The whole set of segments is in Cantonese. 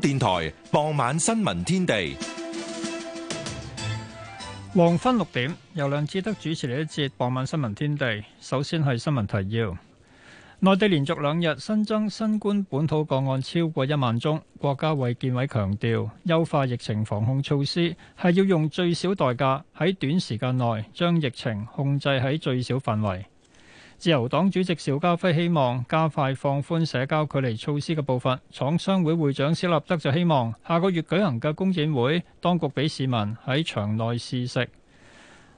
電台傍晚新聞天地，黃昏六點由梁志德主持。嚟一節傍晚新聞天地，首先係新聞提要。內地連續兩日新增新冠本土個案超過一萬宗。國家衛健委強調，優化疫情防控措施係要用最少代價喺短時間內將疫情控制喺最小範圍。自由黨主席邵家輝希望加快放寬社交距離措施嘅步伐。廠商會會長史立德就希望下個月舉行嘅工展會，當局俾市民喺場內試食。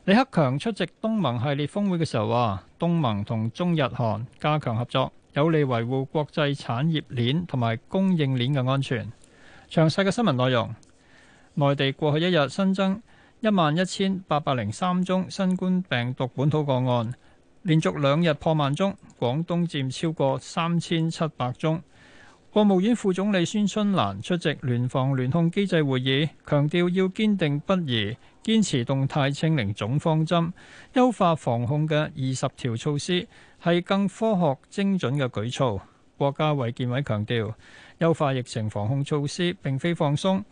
李克強出席東盟系列峰會嘅時候話，東盟同中日韓加強合作，有利維護國際產業鏈同埋供應鏈嘅安全。詳細嘅新聞內容，內地過去一日新增一萬一千八百零三宗新冠病毒本土個案。連續兩日破萬宗，廣東佔超過三千七百宗。國務院副總理孫春蘭出席聯防聯控機制會議，強調要堅定不移，堅持動態清零總方針，優化防控嘅二十條措施係更科學精準嘅舉措。國家衛健委強調，優化疫情防控措施並非放鬆。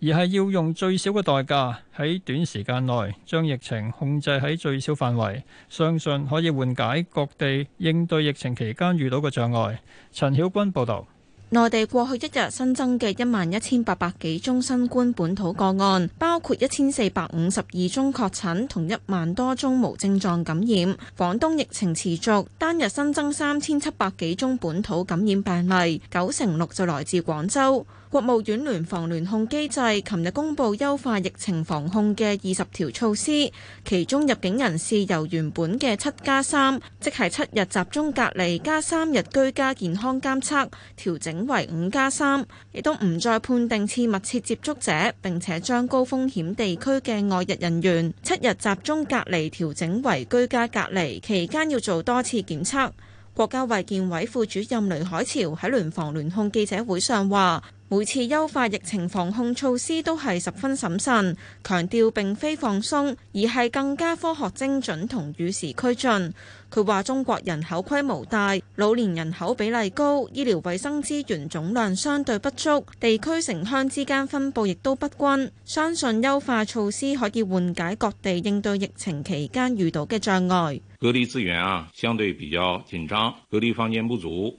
而係要用最少嘅代價，喺短時間內將疫情控制喺最小範圍，相信可以緩解各地應對疫情期間遇到嘅障礙。陳曉君報道。內地過去一日新增嘅一萬一千八百幾宗新冠本土個案，包括一千四百五十二宗確診同一萬多宗無症狀感染。廣東疫情持續，單日新增三千七百幾宗本土感染病例，九成六就來自廣州。國務院聯防聯控機制琴日公布優化疫情防控嘅二十條措施，其中入境人士由原本嘅七加三，即係七日集中隔離加三日居家健康監測，調整為五加三，亦都唔再判定次密切接觸者。並且將高風險地區嘅外日人員七日集中隔離調整為居家隔離，期間要做多次檢測。國家衛健委副主任雷海潮喺聯防聯控記者會上話。每次優化疫情防控措施都係十分審慎，強調並非放鬆，而係更加科學精準同與時俱進。佢話中國人口規模大，老年人口比例高，醫療衛生資源總量相對不足，地區城鄉之間分布亦都不均。相信優化措施可以緩解各地應對疫情期間遇到嘅障礙，隔離資源啊，相對比較緊張，隔離房間不足。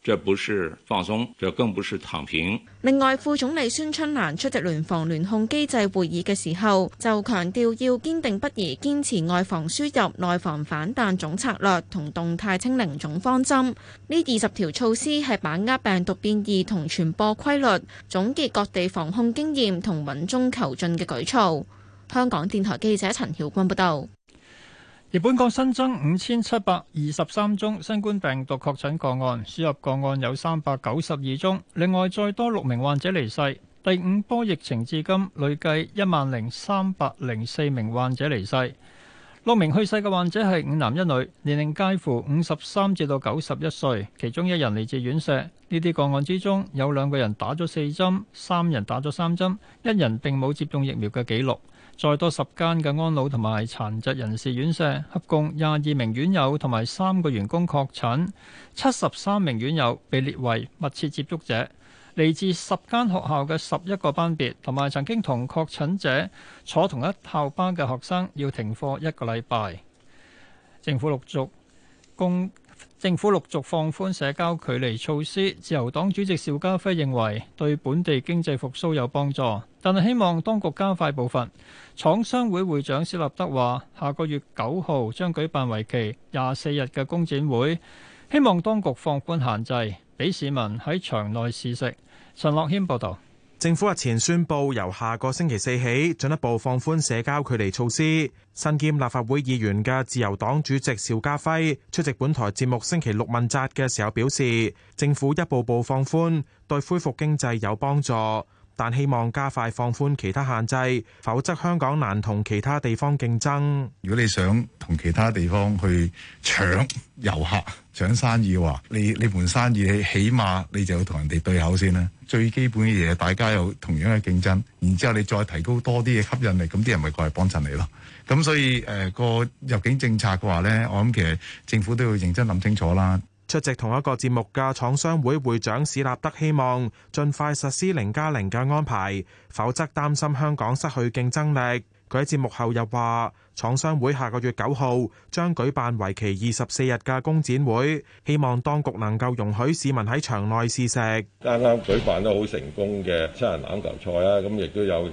這不是放鬆，這更不是躺平。另外，副總理孫春蘭出席聯防聯控機制會議嘅時候，就強調要堅定不移堅持外防輸入、內防反彈總策略同動態清零總方針。呢二十條措施係把握病毒變異同傳播規律，總結各地防控經驗同穩中求進嘅舉措。香港電台記者陳曉君報導。而本港新增五千七百二十三宗新冠病毒確診個案，輸入個案有三百九十二宗，另外再多六名患者離世。第五波疫情至今累計一萬零三百零四名患者離世。六名去世嘅患者係五男一女，年齡介乎五十三至到九十一歲，其中一人嚟自院舍，呢啲個案之中，有兩個人打咗四針，三人打咗三針，一人並冇接種疫苗嘅記錄。再多十間嘅安老同埋殘疾人士院舍，合共廿二名院友同埋三個員工確診，七十三名院友被列為密切接觸者。嚟自十間學校嘅十一個班別，同埋曾經同確診者坐同一校巴嘅學生，要停課一個禮拜。政府陸續公政府陸續放寬社交距離措施，自由黨主席邵家輝認為對本地經濟復甦有幫助，但係希望當局加快步伐。廠商會會長施立德話：下個月九號將舉辦為期廿四日嘅工展會，希望當局放寬限制，俾市民喺場內試食。陳樂軒報導。政府日前宣布由下個星期四起進一步放寬社交距離措施。身兼立法會議員嘅自由黨主席邵家輝出席本台節目星期六問責嘅時候表示，政府一步步放寬，對恢復經濟有幫助。但希望加快放寬其他限制，否則香港難同其他地方競爭。如果你想同其他地方去搶遊客、搶生意嘅話，你你盤生意，你起碼你就要同人哋對口先啦。最基本嘅嘢，大家有同樣嘅競爭，然之後你再提高多啲嘅吸引力，咁啲人咪過嚟幫襯你咯。咁所以誒個、呃、入境政策嘅話咧，我諗其實政府都要認真諗清楚啦。出席同一個節目嘅廠商會會長史立德希望盡快實施零加零嘅安排，否則擔心香港失去競爭力。佢喺節目後又話，廠商會下個月九號將舉辦為期二十四日嘅工展會，希望當局能夠容許市民喺場內試食啱啱舉辦得好成功嘅七人欖球賽啦，咁亦都有誒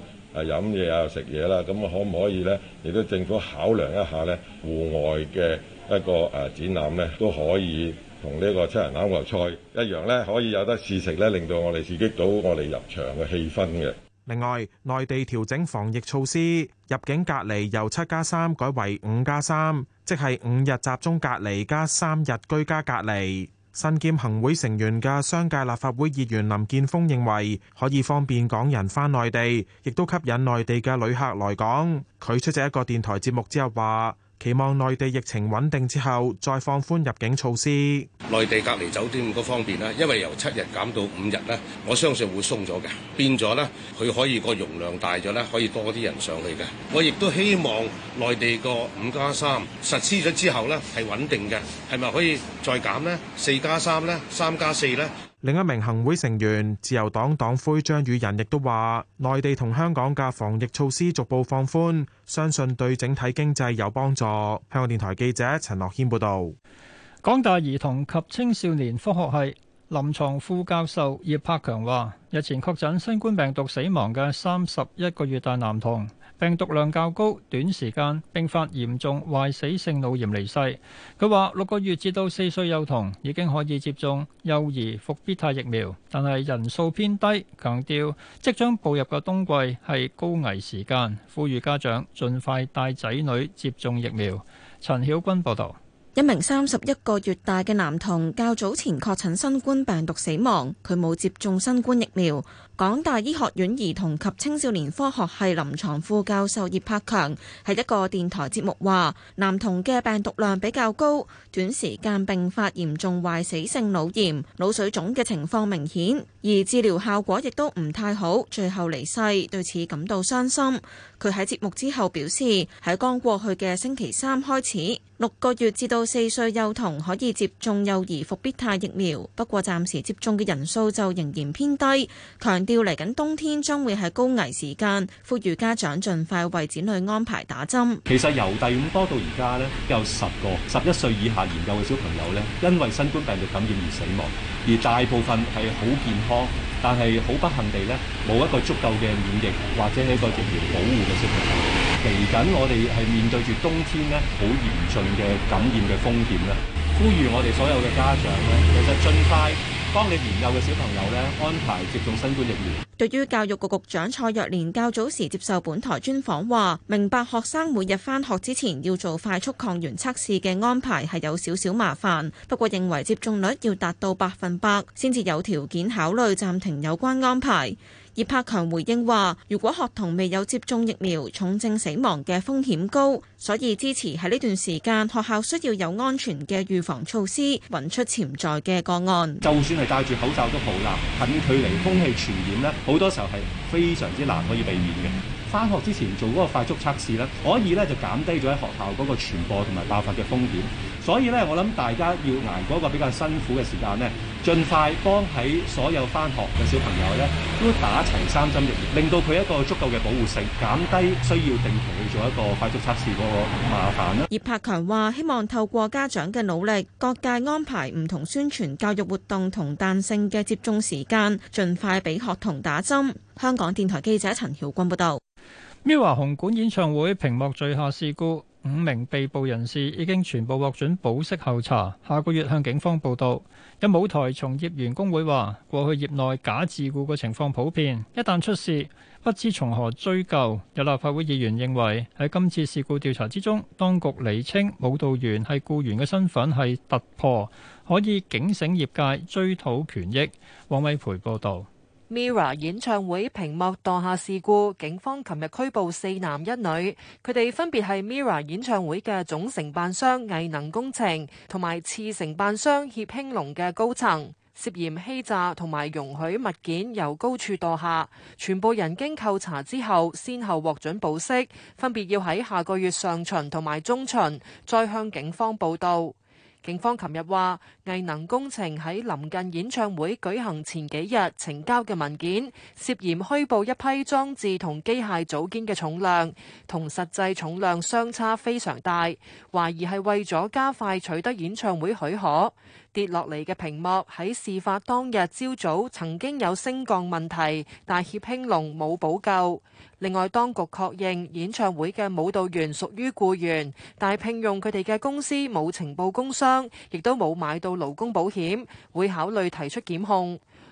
飲嘢啊食嘢啦，咁啊可唔可以咧？亦都政府考量一下咧，戶外嘅一個誒展覽咧都可以。同呢個七人口外菜一樣咧，可以有得試食咧，令到我哋刺激到我哋入場嘅氣氛嘅。另外，內地調整防疫措施，入境隔離由七加三改為五加三，3，即係五日集中隔離加三日居家隔離。身兼行會成員嘅商界立法會議員林健鋒認為，可以方便港人返內地，亦都吸引內地嘅旅客來港。佢出席一個電台節目之後話。期望內地疫情穩定之後，再放寬入境措施。內地隔離酒店嗰方面咧，因為由七日減到五日咧，我相信會鬆咗嘅，變咗咧，佢可以個容量大咗咧，可以多啲人上去嘅。我亦都希望內地個五加三實施咗之後咧，係穩定嘅，係咪可以再減呢？四加三呢？三加四呢？另一名行會成員、自由黨黨魁張宇人亦都話：內地同香港嘅防疫措施逐步放寬，相信對整體經濟有幫助。香港電台記者陳樂謙報道。港大兒童及青少年科學系臨床副教授葉柏強話：日前確診新冠病毒死亡嘅三十一個月大男童。病毒量較高，短時間併發嚴重，壞死性腦炎離世。佢話六個月至到四歲幼童已經可以接種幼兒復必泰疫苗，但係人數偏低。強調即將步入嘅冬季係高危時間，呼籲家長盡快帶仔女接種疫苗。陳曉君報導，一名三十一個月大嘅男童較早前確診新冠病毒死亡，佢冇接種新冠疫苗。港大醫學院兒童及青少年科學系臨床副教授葉柏強喺一個電台節目話：男童嘅病毒量比較高，短時間併發嚴重壞死性腦炎、腦水腫嘅情況明顯，而治療效果亦都唔太好，最後離世，對此感到傷心。佢喺節目之後表示，喺剛過去嘅星期三開始，六個月至到四歲幼童可以接種幼兒復必泰疫苗，不過暫時接種嘅人數就仍然偏低。強調嚟緊冬天將會係高危時間，呼籲家長盡快為子女安排打針。其實由第五波到而家呢，有十個、十一歲以下年幼嘅小朋友呢，因為新冠病毒感染而死亡，而大部分係好健康，但係好不幸地呢，冇一個足夠嘅免疫或者係一個疫苗保護嘅小朋友。嚟緊我哋係面對住冬天呢，好嚴峻嘅感染嘅風險啦，呼籲我哋所有嘅家長呢，其實盡快，幫你年幼嘅小朋友咧，安排接種新冠疫苗。對於教育局局長蔡若蓮較早時接受本台專訪話，明白學生每日返學之前要做快速抗原測試嘅安排係有少少麻煩，不過認為接種率要達到百分百先至有條件考慮暫停有關安排。葉柏強回應話，如果學童未有接種疫苗，重症死亡嘅風險高，所以支持喺呢段時間學校需要有安全嘅預防措施，揾出潛在嘅個案。就算係戴住口罩都好難，近距離空氣傳染呢，好多時候係非常之難可以避免嘅。翻之前做嗰個快速測試咧，可以咧就減低咗喺學校嗰個傳播同埋爆發嘅風險。所以咧，我諗大家要挨嗰個比較辛苦嘅時間呢，盡快幫喺所有翻學嘅小朋友咧都打齊三針疫苗，令到佢一個足夠嘅保護性，減低需要定期去做一個快速測試嗰個麻煩啦。葉柏強話：希望透過家長嘅努力，各界安排唔同宣傳教育活動同彈性嘅接種時間，盡快俾學童打針。香港電台記者陳曉君報道：MIRROR 紅館演唱會屏幕墜下事故，五名被捕人士已經全部獲准保釋候查，下個月向警方報到，有舞台從業員工會話：過去業內假自僱嘅情況普遍，一旦出事，不知從何追究。有立法會議員認為喺今次事故調查之中，當局厘清舞蹈員係僱員嘅身份係突破，可以警醒業界追討權益。黃偉培報道。Mira 演唱會屏幕墮下事故，警方琴日拘捕四男一女，佢哋分別係 Mira 演唱會嘅總承辦商藝能工程同埋次承辦商協興隆嘅高層，涉嫌欺詐同埋容許物件由高處墮下，全部人經扣查之後，先後獲准保釋，分別要喺下個月上旬同埋中旬再向警方報到。警方琴日話，藝能工程喺臨近演唱會舉行前幾日呈交嘅文件，涉嫌虛報一批裝置同機械組件嘅重量，同實際重量相差非常大，懷疑係為咗加快取得演唱會許可。跌落嚟嘅屏幕喺事發當日朝早曾經有升降問題，但協興隆冇補救。另外，當局確認演唱會嘅舞蹈員屬於雇員，但聘用佢哋嘅公司冇呈報工傷，亦都冇買到勞工保險，會考慮提出檢控。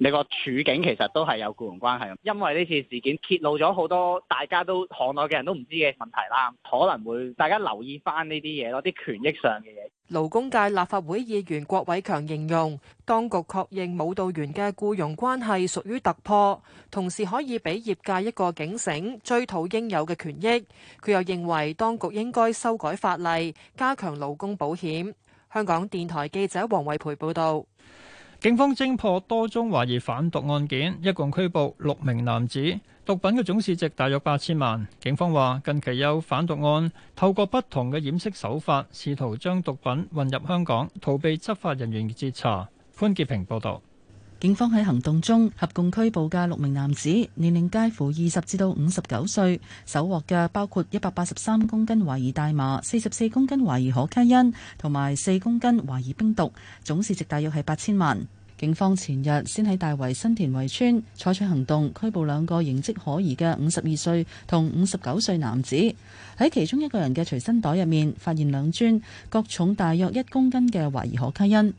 你個處境其實都係有僱傭關係，因為呢次事件揭露咗好多大家都行內嘅人都唔知嘅問題啦，可能會大家留意返呢啲嘢咯，啲權益上嘅嘢。勞工界立法會議員郭偉強形容，當局確認舞蹈員嘅僱傭關係屬於突破，同時可以俾業界一個警醒，追討應有嘅權益。佢又認為當局應該修改法例，加強勞工保險。香港電台記者黃惠培報道。警方偵破多宗懷疑販毒案件，一共拘捕六名男子，毒品嘅總市值大約八千萬。警方話近期有販毒案透過不同嘅掩飾手法，試圖將毒品運入香港，逃避執法人員嘅截查。潘潔平報道。警方喺行動中合共拘捕嘅六名男子，年齡介乎二十至到五十九歲，搜獲嘅包括一百八十三公斤懷疑大麻、四十四公斤懷疑可卡因同埋四公斤懷疑冰毒，總市值大約係八千萬。警方前日先喺大圍新田圍村採取行動，拘捕兩個形跡可疑嘅五十二歲同五十九歲男子，喺其中一個人嘅隨身袋入面發現兩樽各重大約一公斤嘅懷疑可卡因。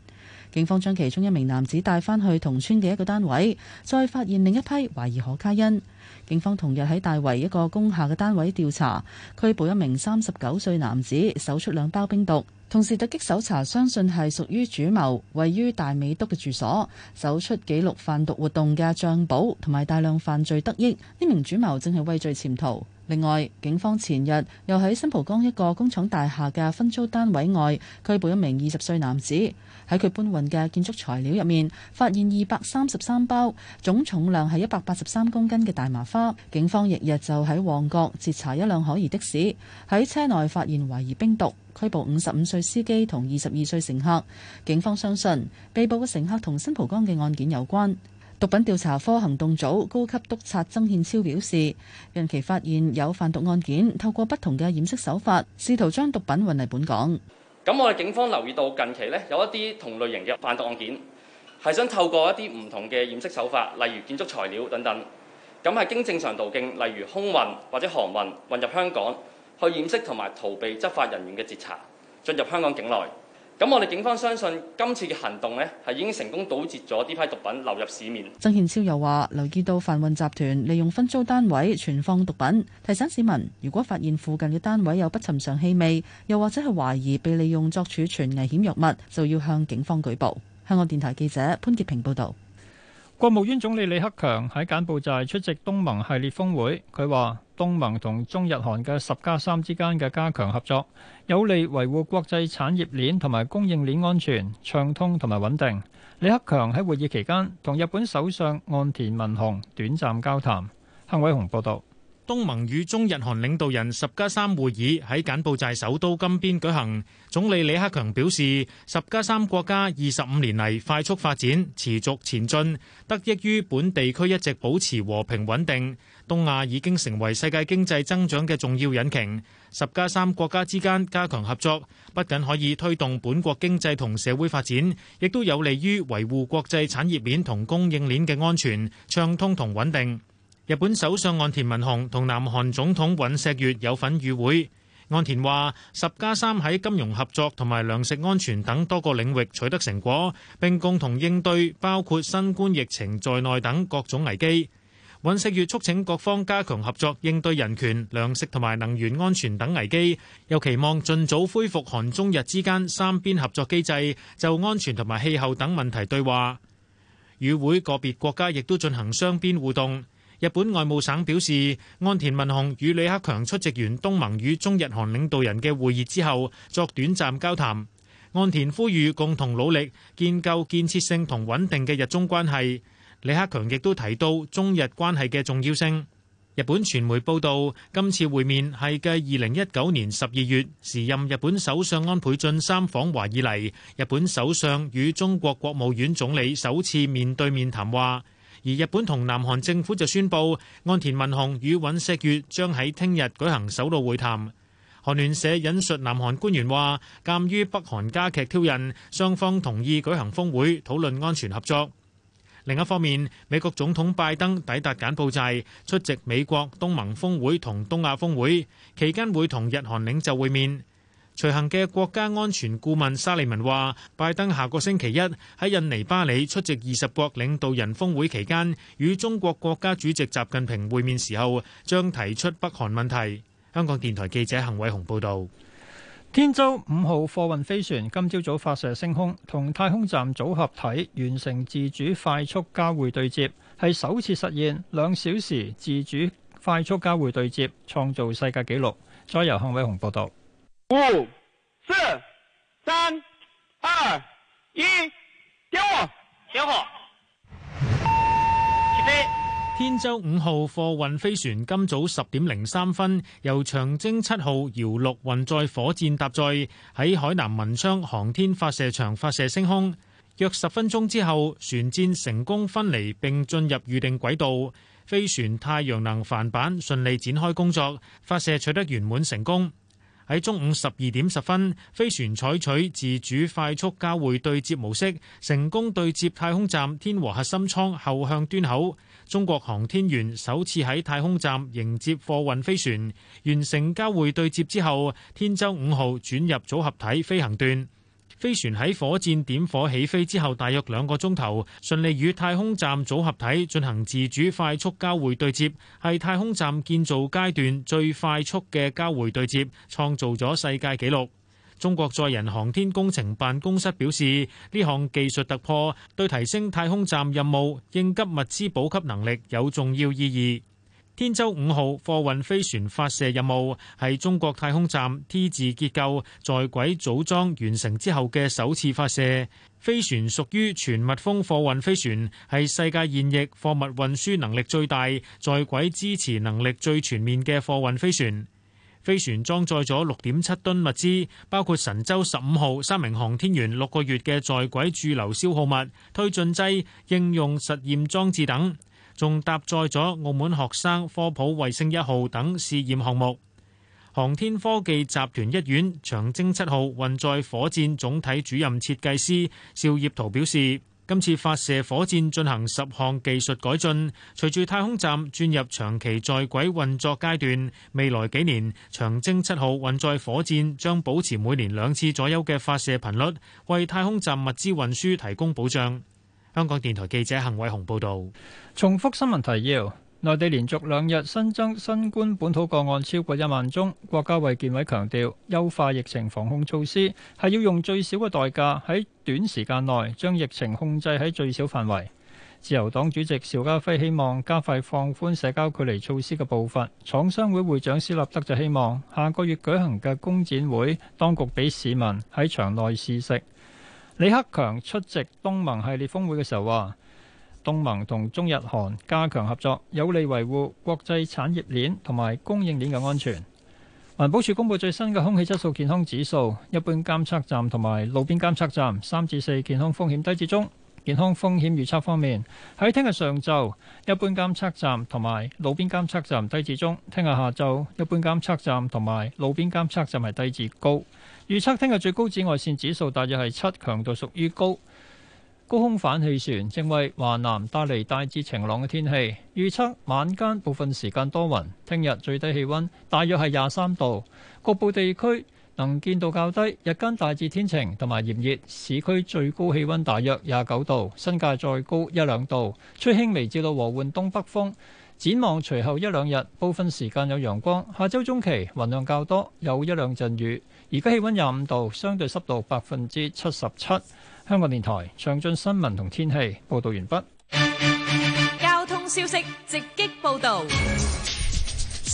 警方將其中一名男子帶返去同村嘅一個單位，再發現另一批懷疑可卡因。警方同日喺大圍一個工廈嘅單位調查，拘捕一名三十九歲男子，搜出兩包冰毒。同時突擊搜查，相信係屬於主謀位於大美督嘅住所，搜出記錄販毒活動嘅帳簿同埋大量犯罪得益。呢名主謀正係畏罪潛逃。另外，警方前日又喺新蒲崗一個工廠大廈嘅分租單位外拘捕一名二十歲男子，喺佢搬運嘅建築材料入面發現二百三十三包總重量係一百八十三公斤嘅大麻花。警方翌日日就喺旺角截查一輛可疑的士，喺車內發現懷疑冰毒，拘捕五十五歲司機同二十二歲乘客。警方相信被捕嘅乘客同新蒲崗嘅案件有關。毒品調查科行動組高級督察曾憲超表示，近期發現有販毒案件透過不同嘅掩飾手法，試圖將毒品運嚟本港。咁我哋警方留意到近期呢有一啲同類型嘅販毒案件，係想透過一啲唔同嘅掩飾手法，例如建築材料等等，咁係經正常途徑，例如空運或者航運運運入香港，去掩飾同埋逃避執法人員嘅截查，進入香港境內。咁我哋警方相信今次嘅行動呢，係已經成功堵截咗呢批毒品流入市面。曾憲超又話：留意到販運集團利用分租單位存放毒品，提醒市民如果發現附近嘅單位有不尋常氣味，又或者係懷疑被利用作儲存危險藥物，就要向警方舉報。香港電台記者潘潔平報導。國務院總理李克強喺柬埔寨出席東盟系列峰會，佢話。東盟同中日韓嘅十加三之間嘅加強合作，有利維護國際產業鏈同埋供應鏈安全暢通同埋穩定。李克強喺會議期間同日本首相岸田文雄短暫交談。陳偉雄報導，東盟與中日韓領導人十加三會議喺柬埔寨首都金邊舉行。總理李克強表示，十加三國家二十五年嚟快速發展，持續前進，得益於本地區一直保持和平穩定。東亞已經成為世界經濟增長嘅重要引擎。十加三國家之間加強合作，不僅可以推動本國經濟同社會發展，亦都有利於維護國際產業鏈同供應鏈嘅安全暢通同穩定。日本首相岸田文雄同南韓總統尹錫悅有份與會。岸田話：十加三喺金融合作同埋糧食安全等多個領域取得成果，並共同應對包括新冠疫情在內等各種危機。尹錫悅促請各方加強合作，應對人權、糧食同埋能源安全等危機，又期望盡早恢復韓中日之間三邊合作機制，就安全同埋氣候等問題對話。與會個別國家亦都進行雙邊互動。日本外務省表示，岸田文雄與李克強出席完東盟與中日韓領導人嘅會議之後，作短暫交談。岸田呼籲共同努力，建構建設性同穩定嘅日中關係。李克強亦都提到中日關係嘅重要性。日本傳媒報道，今次會面係繼二零一九年十二月時任日本首相安倍晉三訪華以嚟，日本首相與中國國務院總理首次面對面談話。而日本同南韓政府就宣布，岸田文雄與尹錫悅將喺聽日舉行首腦會談。韓聯社引述南韓官員話，鑑於北韓加劇挑釁，雙方同意舉行峰會，討論安全合作。另一方面，美國總統拜登抵達柬埔寨，出席美國東盟峰會同東亞峰會期間會同日韓領袖會面。隨行嘅國家安全顧問沙利文話，拜登下個星期一喺印尼巴里出席二十國領導人峰會期間與中國國家主席習近平會面時候，將提出北韓問題，香港電台記者陳偉雄報道。天舟五號貨運飛船今朝早，早發射升空，同太空站組合體完成自主快速交會對接，係首次實現兩小時自主快速交會對接，創造世界紀錄。再由向偉雄報道。五、四、三、二、一，點火，點火，起飛。天舟五號貨運飛船今早十點零三分由長征七號遙六運載火箭搭載，喺海南文昌航天發射場發射升空。約十分鐘之後，船箭成功分離並進入預定軌道，飛船太陽能帆板順利展開工作，發射取得圓滿成功。喺中午十二點十分，飛船採取自主快速交會對接模式，成功對接太空站天和核心艙後向端口。中國航天員首次喺太空站迎接貨運飛船，完成交匯對接之後，天舟五號轉入組合體飛行段。飛船喺火箭點火起飛之後，大約兩個鐘頭，順利與太空站組合體進行自主快速交匯對接，係太空站建造階段最快速嘅交匯對接，創造咗世界紀錄。中國載人航天工程辦公室表示，呢項技術突破對提升太空站任務應急物資補給能力有重要意義。天舟五號貨運飛船發射任務係中國太空站 T 字結構在軌組裝完成之後嘅首次發射。飛船屬於全密封貨運飛船，係世界現役貨物運輸能力最大、在軌支持能力最全面嘅貨運飛船。飛船裝載咗六點七噸物資，包括神舟十五號三名航天員六個月嘅在軌駐留消耗物、推進劑、應用實驗裝置等，仲搭載咗澳門學生科普衛星一號等試驗項目。航天科技集團一院長征七號運載火箭總體主任設計師邵業圖表示。今次發射火箭進行十項技術改進，隨住太空站轉入長期在軌運作階段，未來幾年長征七號運載火箭將保持每年兩次左右嘅發射頻率，為太空站物資運輸提供保障。香港電台記者陳偉雄報導。重複新聞提要。內地連續兩日新增新冠本土個案超過一萬宗，國家衛健委強調，優化疫情防控措施係要用最少嘅代價喺短時間內將疫情控制喺最小範圍。自由黨主席邵家輝希望加快放寬社交距離措施嘅步伐。廠商會會長施立德就希望下個月舉行嘅工展會，當局俾市民喺場內試食。李克強出席東盟系列峰會嘅時候話。東盟同中日韓加強合作，有利維護國際產業鏈同埋供應鏈嘅安全。環保署公布最新嘅空氣質素健康指數，一般監測站同埋路邊監測站三至四健康風險低至中。健康風險預測方面，喺聽日上晝，一般監測站同埋路邊監測站低至中；聽日下晝，一般監測站同埋路邊監測站係低至高。預測聽日最高紫外線指數大約係七，強度屬於高。高空反氣旋正為華南帶嚟大致晴朗嘅天氣，預測晚間部分時間多雲，聽日最低氣温大約係廿三度，各部地區能見度較低，日間大致天晴同埋炎熱，市區最高氣温大約廿九度，新界再高一兩度，吹輕微至到和緩東北風。展望隨後一兩日，部分時間有陽光。下周中期雲量較多，有一兩陣雨。而家氣溫廿五度，相對濕度百分之七十七。香港電台詳盡新聞同天氣報道完畢。交通消息直擊報道。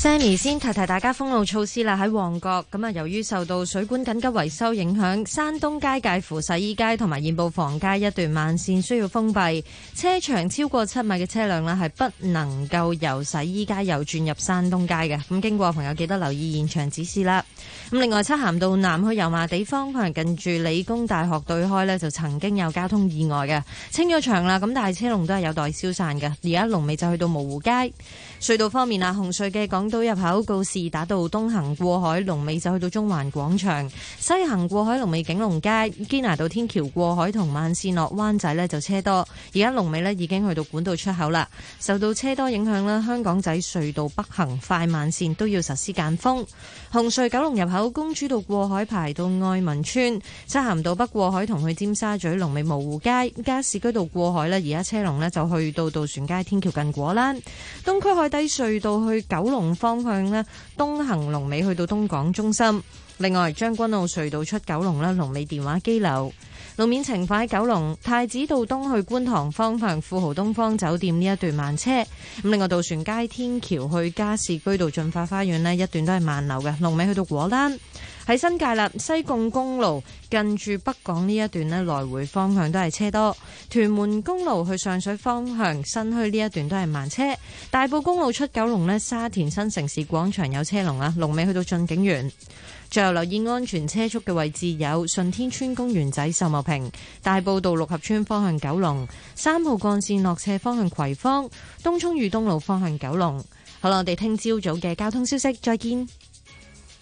Sammy 先提提大家封路措施啦。喺旺角咁啊，由於受到水管緊急維修影響，山東街介乎洗衣街同埋燕寶房街一段慢線需要封閉，車長超過七米嘅車輛咧係不能夠由洗衣街右轉入山東街嘅。咁經過朋友記得留意現場指示啦。咁另外，漆咸道南去油麻地方，可能近住理工大學對開呢，就曾經有交通意外嘅，清咗場啦。咁但係車龍都係有待消散嘅。而家龍尾就去到蕪湖街。隧道方面啊，紅隧嘅港島入口告士打道東行過海龍尾就去到中環廣場，西行過海龍尾景隆街堅拿道天橋過海同慢線落灣仔呢就車多，而家龍尾呢已經去到管道出口啦。受到車多影響咧，香港仔隧道北行快慢線都要實施間封。紅隧九龍入口公主道過海排到愛民村，漆咸道北過海同去尖沙咀龍尾蕪湖街，加士居道過海呢，而家車龍呢就去到渡船街天橋近果欄，東區海。西隧道去九龍方向咧，東行龍尾去到東港中心。另外將軍澳隧道出九龍咧，龍尾電話機樓，路面情況喺九龍太子道東去觀塘方向富豪東方酒店呢一段慢車。咁另外渡船街天橋去加士居道駿發花園咧，一段都係慢流嘅，龍尾去到果欄。喺新界啦，西貢公路近住北港呢一段呢，來回方向都係車多。屯門公路去上水方向新墟呢一段都係慢車。大埔公路出九龍呢，沙田新城市廣場有車龍啊，龍尾去到駿景園。最後留意安全車速嘅位置有順天村公園仔秀茂坪、大埔道六合村方向九龍、三號幹線落斜方向葵芳、東涌裕東路方向九龍。好啦，我哋聽朝早嘅交通消息，再見。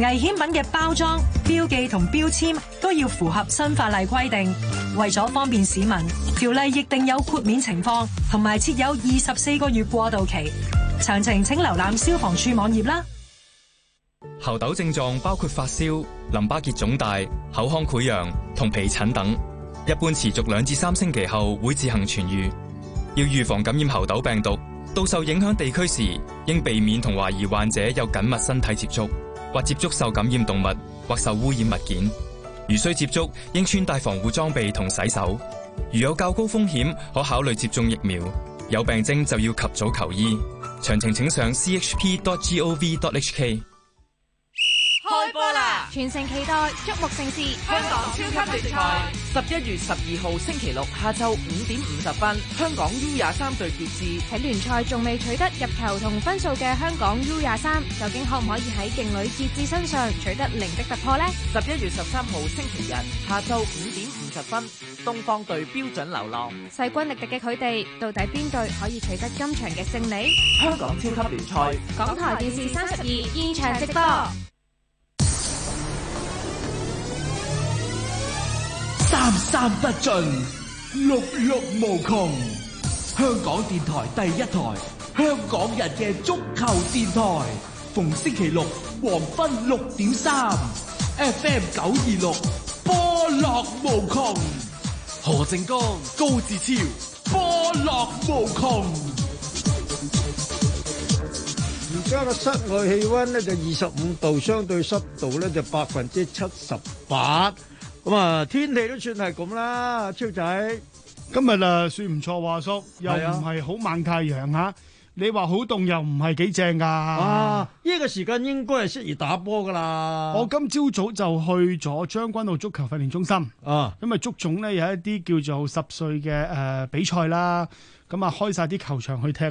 危險品嘅包裝、標記同標籤都要符合新法例規定。為咗方便市民，條例亦定有豁免情況，同埋設有二十四個月過渡期。詳情請瀏覽消防處網頁啦。猴痘症狀包括發燒、淋巴結腫大、口腔潰瘍同皮疹等，一般持續兩至三星期後會自行痊愈。要預防感染猴痘病毒，到受影響地區時，應避免同懷疑患者有緊密身體接觸。或接觸受感染動物或受污染物件，如需接觸，應穿戴防護裝備同洗手。如有較高風險，可考慮接種疫苗。有病徵就要及早求醫。詳情請上 chp.gov.hk。開波啦！全城期待觸目盛事香港超級聯賽，十一月十二號星期六下晝五點五十分，香港 U 廿三隊對傑志，喺聯賽仲未取得入球同分數嘅香港 U 廿三，究竟可唔可以喺勁旅傑志身上取得零的突破呢？十一月十三號星期日下晝五點五十分，東方隊標準流浪，勢均力敵嘅佢哋，到底邊隊可以取得今場嘅勝利？香港超級聯賽，港台電視三十二現場直播。三三不盡，六六無窮。香港電台第一台，香港人嘅足球電台。逢星期六黃昏六點三，FM 九二六，波落無窮。何靜江、高志超，波落無窮。而家嘅室外氣溫咧就二十五度，相對濕度咧就百分之七十八。咁啊，天氣都算係咁啦，超仔。今日啊，算唔錯華叔，又唔係好猛太陽吓。你話好凍又唔係幾正噶。啊，呢個時間應該係適宜打波噶啦。我今朝早就去咗將軍澳足球訓練中心。啊，因為足總咧有一啲叫做十歲嘅誒比賽啦，咁啊，開晒啲球場去踢。